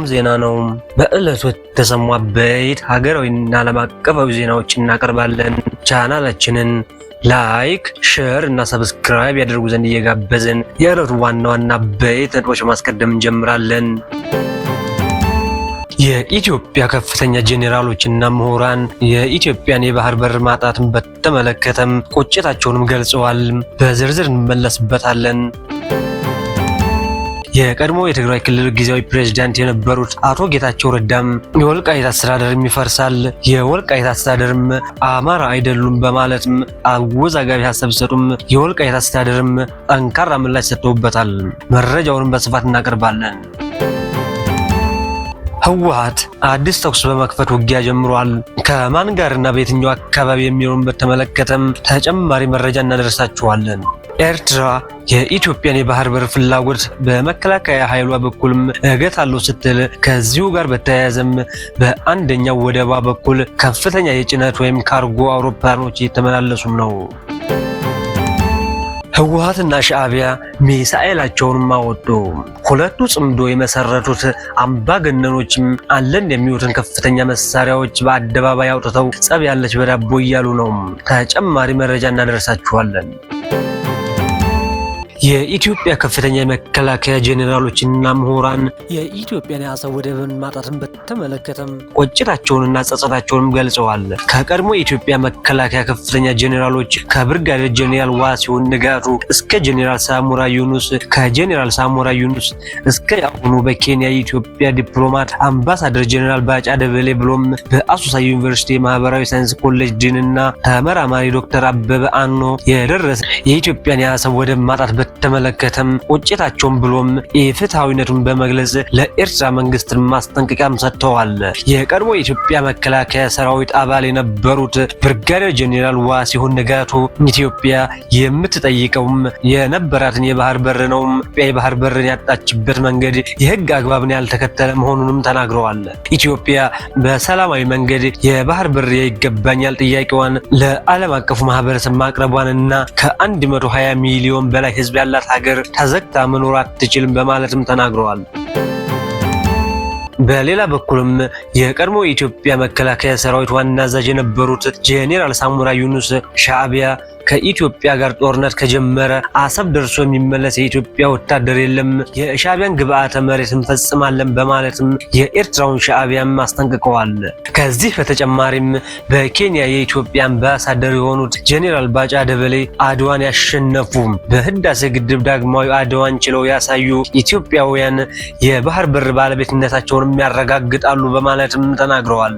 ቁም ዜና ነው። በዕለቱ የተሰሙ አበይት ሀገራዊና ዓለም አቀፋዊ ዜናዎች እናቀርባለን። ቻናላችንን ላይክ፣ ሼር እና ሰብስክራይብ ያደርጉ ዘንድ እየጋበዝን የዕለቱ ዋና ዋና አበይት ነጥቦች ማስቀደም እንጀምራለን። የኢትዮጵያ ከፍተኛ ጄኔራሎችና ምሁራን የኢትዮጵያን የባህር በር ማጣትን በተመለከተም ቁጭታቸውንም ገልጸዋል። በዝርዝር እንመለስበታለን። የቀድሞ የትግራይ ክልል ጊዜያዊ ፕሬዝዳንት የነበሩት አቶ ጌታቸው ረዳም የወልቃይት አስተዳደርም ይፈርሳል፣ የወልቃይት አስተዳደርም አማራ አይደሉም በማለትም አወዛጋቢ ሀሳብ ሲሰጡም የወልቃይት አስተዳደርም ጠንካራ ምላሽ ሰጥተውበታል። መረጃውንም በስፋት እናቀርባለን። ህወሀት አዲስ ተኩስ በመክፈት ውጊያ ጀምሯል። ከማን ጋርና በየትኛው አካባቢ የሚሆኑን በተመለከተም ተጨማሪ መረጃ እናደርሳችኋለን። ኤርትራ የኢትዮጵያን የባህር በር ፍላጎት በመከላከያ ኃይሏ በኩልም እገታለሁ ስትል ከዚሁ ጋር በተያያዘም በአንደኛው ወደቧ በኩል ከፍተኛ የጭነት ወይም ካርጎ አውሮፕላኖች እየተመላለሱም ነው። ህወሀትና ሻዕቢያ ሚሳኤላቸውን አወጡ። ሁለቱ ጽምዶ የመሰረቱት አምባገነኖችም አለን የሚሉትን ከፍተኛ መሳሪያዎች በአደባባይ አውጥተው ጸብ ያለች በዳቦ እያሉ ነው። ተጨማሪ መረጃ እናደርሳችኋለን። የኢትዮጵያ ከፍተኛ የመከላከያ ጄኔራሎችና ምሁራን የኢትዮጵያን የአሰብ ወደብን ማጣትን በተመለከተም ቁጭታቸውንና ጸጸታቸውንም ገልጸዋል። ከቀድሞ የኢትዮጵያ መከላከያ ከፍተኛ ጄኔራሎች ከብርጋዴር ጄኔራል ዋሲሁን ንጋቱ እስከ ጄኔራል ሳሙራ ዩኑስ፣ ከጄኔራል ሳሙራ ዩኑስ እስከ የአሁኑ በኬንያ የኢትዮጵያ ዲፕሎማት አምባሳደር ጄኔራል ባጫ ደበሌ ብሎም በአሶሳ ዩኒቨርሲቲ ማህበራዊ ሳይንስ ኮሌጅ ዲንና ተመራማሪ ዶክተር አበበ አኖ የደረሰ የኢትዮጵያን የአሰብ ወደብ ማጣት ተመለከተም ቁጭታቸውን ብሎም የፍትሐዊነቱን በመግለጽ ለኤርትራ መንግስት ማስጠንቀቂያም ሰጥተዋል። የቀድሞ የኢትዮጵያ መከላከያ ሰራዊት አባል የነበሩት ብርጋዴር ጄኔራል ዋሲሁን ንጋቱ ኢትዮጵያ የምትጠይቀውም የነበራትን የባህር በር ነው። ኢትዮጵያ የባህር በርን ያጣችበት መንገድ የህግ አግባብን ያልተከተለ መሆኑንም ተናግረዋል። ኢትዮጵያ በሰላማዊ መንገድ የባህር በር ይገባኛል ጥያቄዋን ለዓለም አቀፉ ማህበረሰብ ማቅረቧንና ከ120 ሚሊዮን በላይ ህዝብ ያላት ሀገር ተዘግታ መኖር አትችልም በማለትም ተናግረዋል። በሌላ በኩልም የቀድሞ የኢትዮጵያ መከላከያ ሰራዊት ዋና አዛዥ የነበሩት ጄኔራል ሳሙራ ዩኑስ ሻዕቢያ ከኢትዮጵያ ጋር ጦርነት ከጀመረ አሰብ ደርሶ የሚመለስ የኢትዮጵያ ወታደር የለም፣ የሻቢያን ግብአተ መሬት እንፈጽማለን በማለትም የኤርትራውን ሻቢያም አስጠንቅቀዋል። ከዚህ በተጨማሪም በኬንያ የኢትዮጵያ አምባሳደር የሆኑት ጄኔራል ባጫ ደበሌ አድዋን ያሸነፉ፣ በህዳሴ ግድብ ዳግማዊ አድዋን ችለው ያሳዩ ኢትዮጵያውያን የባህር በር ባለቤትነታቸውን ያረጋግጣሉ በማለትም ተናግረዋል።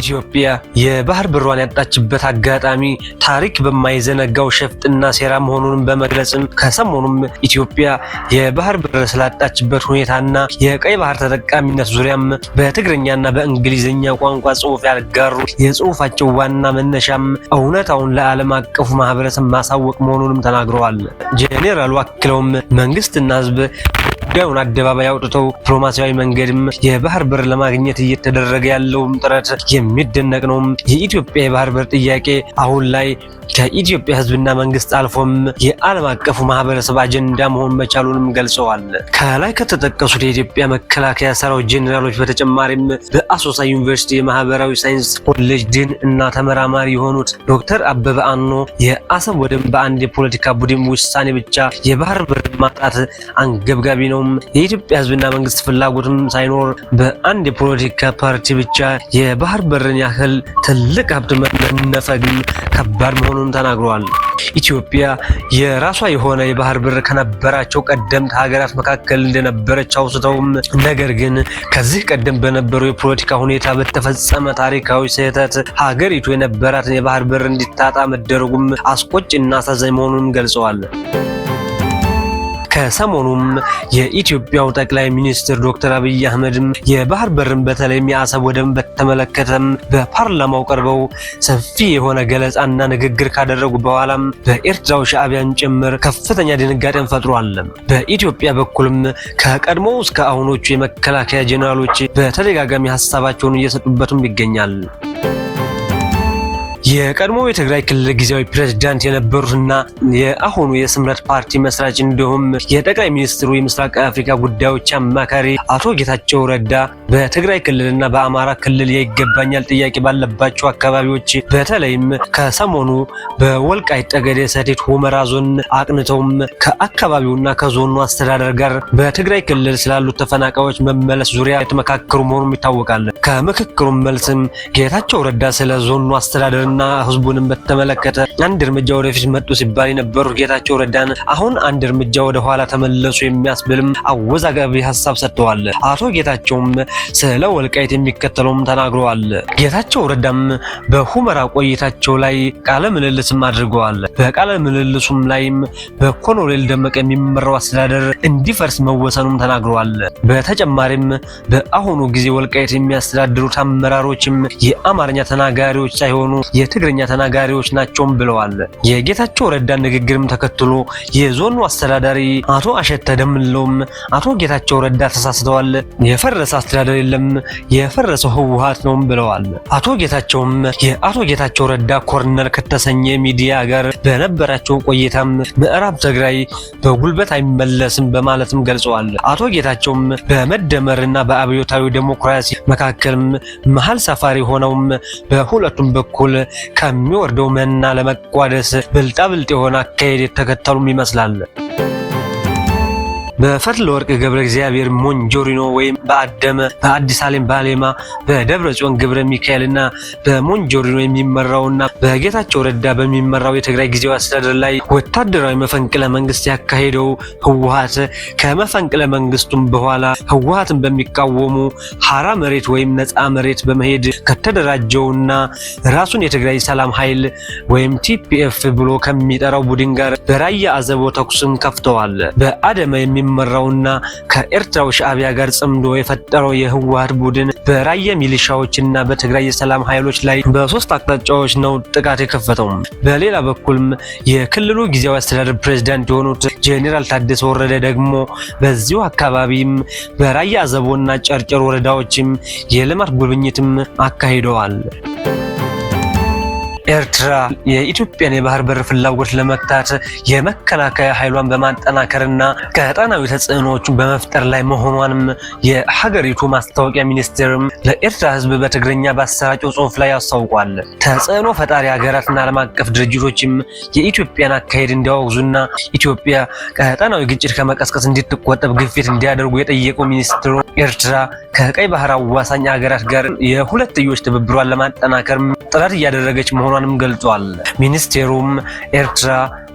ኢትዮጵያ የባህር ብሯን ያጣችበት አጋጣሚ ታሪክ በማይዘነጋው ሸፍጥና ሴራ መሆኑን በመግለጽም ከሰሞኑም ኢትዮጵያ የባህር ብር ስላጣችበት ሁኔታና የቀይ ባህር ተጠቃሚነት ዙሪያም በትግርኛና በእንግሊዝኛ ቋንቋ ጽሁፍ ያጋሩ የጽሁፋቸው ዋና መነሻም እውነታውን ለዓለም አቀፉ ማህበረሰብ ማሳወቅ መሆኑንም ተናግረዋል። ጄኔራሉ አክለውም መንግስትና ህዝብ ጉዳዩን አደባባይ አውጥተው ዲፕሎማሲያዊ መንገድም የባህር በር ለማግኘት እየተደረገ ያለውም ጥረት የሚደነቅ ነው። የኢትዮጵያ የባህር በር ጥያቄ አሁን ላይ ከኢትዮጵያ ሕዝብና መንግስት አልፎም የዓለም አቀፉ ማህበረሰብ አጀንዳ መሆን መቻሉንም ገልጸዋል። ከላይ ከተጠቀሱት የኢትዮጵያ መከላከያ ሰራዊት ጄኔራሎች በተጨማሪም በአሶሳ ዩኒቨርሲቲ የማህበራዊ ሳይንስ ኮሌጅ ዲን እና ተመራማሪ የሆኑት ዶክተር አበበ አኖ የአሰብ ወደብ በአንድ የፖለቲካ ቡድን ውሳኔ ብቻ የባህር በር ማጣት አንገብጋቢ ነው ያለውም የኢትዮጵያ ህዝብና መንግስት ፍላጎትም ሳይኖር በአንድ የፖለቲካ ፓርቲ ብቻ የባህር በርን ያህል ትልቅ ሀብት መነፈግም ከባድ መሆኑን ተናግረዋል። ኢትዮጵያ የራሷ የሆነ የባህር በር ከነበራቸው ቀደምት ሀገራት መካከል እንደነበረች አውስተውም፣ ነገር ግን ከዚህ ቀደም በነበረው የፖለቲካ ሁኔታ በተፈጸመ ታሪካዊ ስህተት ሀገሪቱ የነበራትን የባህር በር እንዲታጣ መደረጉም አስቆጭና አሳዛኝ መሆኑን ገልጸዋል። ከሰሞኑም የኢትዮጵያው ጠቅላይ ሚኒስትር ዶክተር አብይ አህመድም የባህር በርን በተለይም የአሰብ ወደብን በተመለከተም በፓርላማው ቀርበው ሰፊ የሆነ ገለጻና ንግግር ካደረጉ በኋላም በኤርትራው ሻዕቢያን ጭምር ከፍተኛ ድንጋጤን ፈጥሯል። በኢትዮጵያ በኩልም ከቀድሞው እስከ አሁኖቹ የመከላከያ ጄኔራሎች በተደጋጋሚ ሀሳባቸውን እየሰጡበትም ይገኛል። የቀድሞ የትግራይ ክልል ጊዜያዊ ፕሬዝዳንት የነበሩትና የአሁኑ የስምረት ፓርቲ መስራች እንዲሁም የጠቅላይ ሚኒስትሩ የምስራቅ አፍሪካ ጉዳዮች አማካሪ አቶ ጌታቸው ረዳ በትግራይ ክልልና በአማራ ክልል የይገባኛል ጥያቄ ባለባቸው አካባቢዎች በተለይም ከሰሞኑ በወልቃይት ጠገዴ ሰቲት ሁመራ ዞን አቅንተውም ከአካባቢውና ከዞኑ አስተዳደር ጋር በትግራይ ክልል ስላሉት ተፈናቃዮች መመለስ ዙሪያ የተመካከሩ መሆኑም ይታወቃል። ከምክክሩም መልስም ጌታቸው ረዳ ስለ ዞኑ አስተዳደርን እና ህዝቡንም በተመለከተ አንድ እርምጃ ወደፊት መጡ ሲባል የነበሩት ጌታቸው ረዳን አሁን አንድ እርምጃ ወደ ኋላ ተመለሱ የሚያስብልም አወዛጋቢ ሀሳብ ሰጥተዋል። አቶ ጌታቸውም ስለ ወልቃይት የሚከተለውም ተናግረዋል። ጌታቸው ረዳም በሁመራ ቆይታቸው ላይ ቃለ ምልልስም አድርገዋል። በቃለ ምልልሱም ላይም በኮሎኔል ደመቀ የሚመራው አስተዳደር እንዲፈርስ መወሰኑም ተናግረዋል። በተጨማሪም በአሁኑ ጊዜ ወልቃይት የሚያስተዳድሩት አመራሮችም የአማርኛ ተናጋሪዎች ሳይሆኑ የትግርኛ ተናጋሪዎች ናቸውም ብለዋል። የጌታቸው ረዳ ንግግርም ተከትሎ የዞኑ አስተዳዳሪ አቶ አሸተ ደምለውም አቶ ጌታቸው ረዳ ተሳስተዋል፣ የፈረሰ አስተዳደር የለም፣ የፈረሰው ህወሀት ነውም ብለዋል። አቶ ጌታቸውም የአቶ ጌታቸው ረዳ ኮርነል ከተሰኘ ሚዲያ ጋር በነበራቸው ቆይታም ምዕራብ ትግራይ በጉልበት አይመለስም በማለትም ገልጸዋል። አቶ ጌታቸውም በመደመርና በአብዮታዊ ዴሞክራሲ መካከልም መሀል ሰፋሪ ሆነውም በሁለቱም በኩል ከሚወርደው መና ለመቋደስ ብልጣብልጥ የሆነ አካሄድ የተከተሉም ይመስላል። በፈትለ ወርቅ ገብረ እግዚአብሔር ሞንጆሪኖ ወይም በአደመ በአዲስ አለም ባሌማ በደብረ ጽዮን ግብረ ሚካኤልና በሞንጆሪኖ የሚመራውና በጌታቸው ረዳ በሚመራው የትግራይ ጊዜያዊ አስተዳደር ላይ ወታደራዊ መፈንቅለ መንግስት ያካሄደው ህወሀት ከመፈንቅለ መንግስቱም በኋላ ህወሀትን በሚቃወሙ ሀራ መሬት ወይም ነፃ መሬት በመሄድ ከተደራጀውና ራሱን የትግራይ ሰላም ኃይል ወይም ቲፒኤፍ ብሎ ከሚጠራው ቡድን ጋር በራያ አዘቦ ተኩስም ከፍተዋል። በአደመ የሚ የሚመራውና ከኤርትራው ሻዕቢያ ጋር ጽምዶ የፈጠረው የህወሓት ቡድን በራያ ሚሊሻዎችና በትግራይ የሰላም ኃይሎች ላይ በሶስት አቅጣጫዎች ነው ጥቃት የከፈተው። በሌላ በኩልም የክልሉ ጊዜያዊ አስተዳደር ፕሬዝዳንት የሆኑት ጄኔራል ታደሰ ወረደ ደግሞ በዚሁ አካባቢም በራያ አዘቦና ጨርጨር ወረዳዎችም የልማት ጉብኝትም አካሂደዋል። ኤርትራ የኢትዮጵያን የባህር በር ፍላጎት ለመግታት የመከላከያ ኃይሏን በማጠናከርና ቀጠናዊ ተጽዕኖዎችን በመፍጠር ላይ መሆኗንም የሀገሪቱ ማስታወቂያ ሚኒስቴርም ለኤርትራ ሕዝብ በትግርኛ ባሰራጨው ጽሁፍ ላይ አስታውቋል። ተጽዕኖ ፈጣሪ ሀገራትና ዓለም አቀፍ ድርጅቶችም የኢትዮጵያን አካሄድ እንዲያወግዙና ኢትዮጵያ ቀጠናዊ ግጭት ከመቀስቀስ እንድትቆጠብ ግፊት እንዲያደርጉ የጠየቀው ሚኒስትሩ ኤርትራ ከቀይ ባህር አዋሳኝ ሀገራት ጋር የሁለትዮሽ ትብብሯን ለማጠናከር ጥረት እያደረገች መሆኗን መሆኗንም ገልጿል። ሚኒስቴሩም ኤርትራ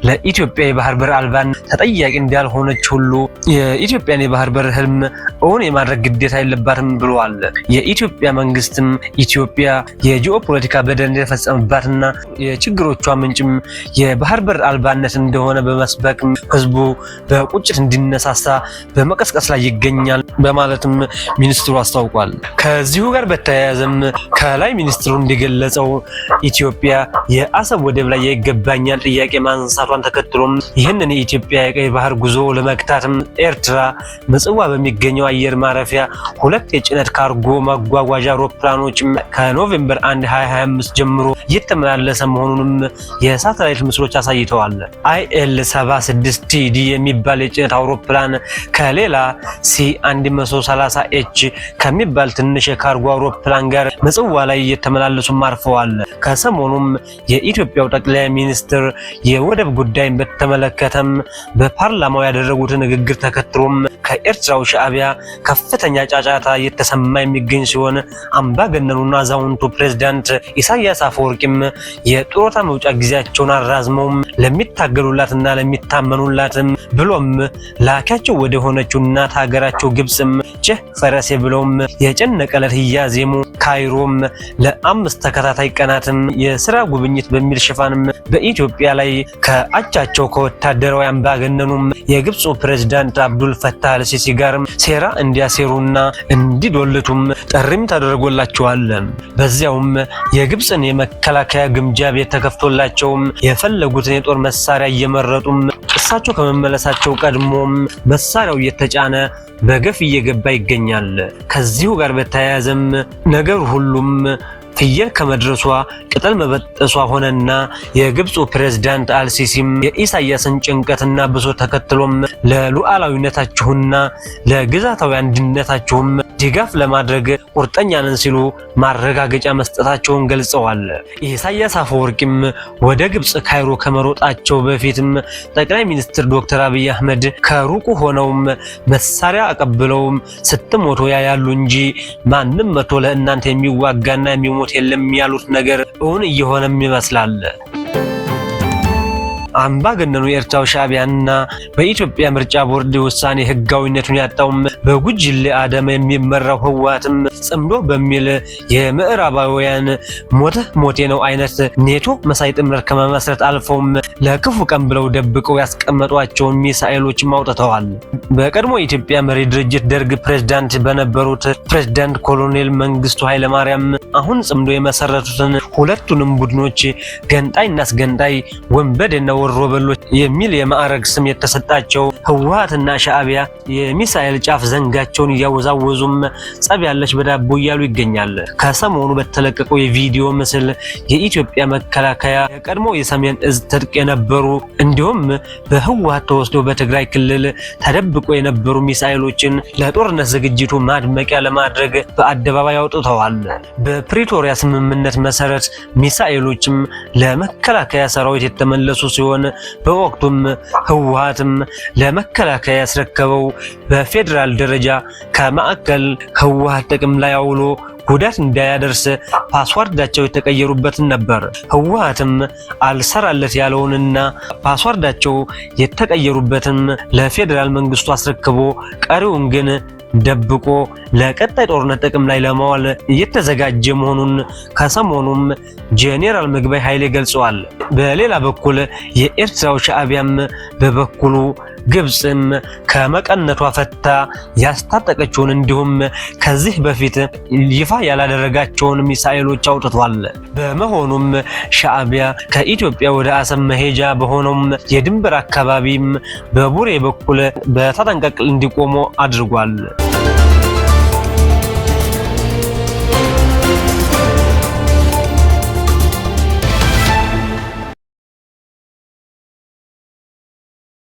ለኢትዮጵያ የባህር በር አልባን ተጠያቂ እንዳልሆነች ሁሉ የኢትዮጵያን የባህር በር ህልም እውን የማድረግ ግዴታ የለባትም ብለዋል። የኢትዮጵያ መንግስትም ኢትዮጵያ የጂኦፖለቲካ በደል እንደተፈጸመባትና የችግሮቿ ምንጭም የባህር በር አልባነት እንደሆነ በመስበክ ህዝቡ በቁጭት እንዲነሳሳ በመቀስቀስ ላይ ይገኛል በማለትም ሚኒስትሩ አስታውቋል። ከዚሁ ጋር በተያያዘም ከላይ ሚኒስትሩ እንደገለጸው ኢትዮጵያ የአሰብ ወደብ ላይ የይገባኛል ጥያቄ ማንሳቷ መውጣቷን ተከትሎም ይህንን የኢትዮጵያ የቀይ ባህር ጉዞ ለመግታትም ኤርትራ ምጽዋ በሚገኘው አየር ማረፊያ ሁለት የጭነት ካርጎ ማጓጓዣ አውሮፕላኖች ከኖቬምበር 1 2025 ጀምሮ እየተመላለሰ መሆኑንም የሳተላይት ምስሎች አሳይተዋል። አይኤል 76 ቲዲ የሚባል የጭነት አውሮፕላን ከሌላ ሲ130 ኤች ከሚባል ትንሽ የካርጎ አውሮፕላን ጋር ምጽዋ ላይ እየተመላለሱም አርፈዋል። ከሰሞኑም የኢትዮጵያው ጠቅላይ ሚኒስትር የወደብ ጉዳይን በተመለከተም በፓርላማው ያደረጉትን ንግግር ተከትሎም ከኤርትራው ሻዕቢያ ከፍተኛ ጫጫታ እየተሰማ የሚገኝ ሲሆን አምባገነኑና አዛውንቱ ፕሬዝዳንት ኢሳያስ አፈወርቂም የጡረታ መውጫ ጊዜያቸውን አራዝመውም ለሚታገሉላትና ለሚታመኑላትም ብሎም ላኪያቸው ወደ ሆነችው እናት ሀገራቸው ግብፅም ጭህ ፈረሴ ብለውም የጨነቀለት እያዜሙ ካይሮም ለአምስት ተከታታይ ቀናትም የስራ ጉብኝት በሚል ሽፋንም በኢትዮጵያ ላይ ከአቻቸው ከወታደራዊ አምባገነኑም የግብፁ ፕሬዝዳንት አብዱል ፈታህ አልሲሲ ጋርም ሴራ እንዲያሴሩና እንዲዶልቱም ጥሪም ተደርጎላቸዋል። በዚያውም የግብፅን የመከላከያ ግምጃ ቤት ተከፍቶላቸውም የፈለጉትን የጦር መሳሪያ እየመረጡም ራሳቸው ከመመለሳቸው ቀድሞም መሳሪያው እየተጫነ በገፍ እየገባ ይገኛል። ከዚሁ ጋር በተያያዘም ነገር ሁሉም ፍየል ከመድረሷ ቅጠል መበጠሷ ሆነና የግብፁ ፕሬዝዳንት አልሲሲም የኢሳያስን ጭንቀትና ብሶ ተከትሎም ለሉዓላዊነታችሁና ለግዛታዊ አንድነታችሁም ድጋፍ ለማድረግ ቁርጠኛ ነን ሲሉ ማረጋገጫ መስጠታቸውን ገልጸዋል። ኢሳያስ አፈወርቂም ወደ ግብፅ ካይሮ ከመሮጣቸው በፊትም ጠቅላይ ሚኒስትር ዶክተር አብይ አህመድ ከሩቁ ሆነውም መሳሪያ አቀብለውም ስትሞቶ ያያሉ እንጂ ማንም መቶ ለእናንተ የሚዋጋና የሚሞ ፍላጎት የለም ያሉት ነገር እውን እየሆነም ይመስላል። አምባገነኑ ኤርትራው ሻዕቢያና በኢትዮጵያ ምርጫ ቦርድ ውሳኔ ህጋዊነቱን ያጣውም በጉጅሌ አደም የሚመራው ህወሓትም ጽምዶ በሚል የምዕራባውያን ሞተ ሞቴ ነው አይነት ኔቶ መሳይ ጥምረት ከመመስረት አልፈውም ለክፉ ቀን ብለው ደብቀው ያስቀመጧቸውን ሚሳኤሎች አውጥተዋል። በቀድሞ የኢትዮጵያ መሪ ድርጅት ደርግ ፕሬዝዳንት በነበሩት ፕሬዝዳንት ኮሎኔል መንግስቱ ኃይለማርያም አሁን ጽምዶ የመሰረቱትን ሁለቱንም ቡድኖች ገንጣይ እናስገንጣይ አስገንጣይ ወንበዴ ነው ወሮ በሎች የሚል የማዕረግ ስም የተሰጣቸው ህወሓትና ሻዕቢያ የሚሳኤል ጫፍ ዘንጋቸውን እያወዛወዙም ጸብ ያለች በዳቦ እያሉ ይገኛል። ከሰሞኑ በተለቀቀው የቪዲዮ ምስል የኢትዮጵያ መከላከያ የቀድሞ የሰሜን እዝ ትጥቅ የነበሩ እንዲሁም በህወሓት ተወስዶ በትግራይ ክልል ተደብቆ የነበሩ ሚሳኤሎችን ለጦርነት ዝግጅቱ ማድመቂያ ለማድረግ በአደባባይ አውጥተዋል። በፕሪቶሪያ ስምምነት መሰረት ሚሳኤሎችም ለመከላከያ ሰራዊት የተመለሱ ሲሆን ሲሆን በወቅቱም ህወሀትም ለመከላከያ ያስረከበው በፌዴራል ደረጃ ከማዕከል ህወሀት ጥቅም ላይ አውሎ ጉዳት እንዳያደርስ ፓስዋርዳቸው የተቀየሩበትን ነበር። ህወሀትም አልሰራለት ያለውንና ፓስዋርዳቸው የተቀየሩበትም ለፌዴራል መንግስቱ አስረክቦ ቀሪውን ግን ደብቆ ለቀጣይ ጦርነት ጥቅም ላይ ለማዋል እየተዘጋጀ መሆኑን ከሰሞኑም ጄኔራል ምግበይ ኃይሌ ገልጸዋል። በሌላ በኩል የኤርትራው ሻዕቢያም በበኩሉ ግብፅም ከመቀነቷ ፈታ ያስታጠቀችውን እንዲሁም ከዚህ በፊት ይፋ ያላደረጋቸውን ሚሳኤሎች አውጥቷል። በመሆኑም ሻዕቢያ ከኢትዮጵያ ወደ አሰብ መሄጃ በሆነውም የድንበር አካባቢም በቡሬ በኩል በተጠንቀቅ እንዲቆሙ አድርጓል።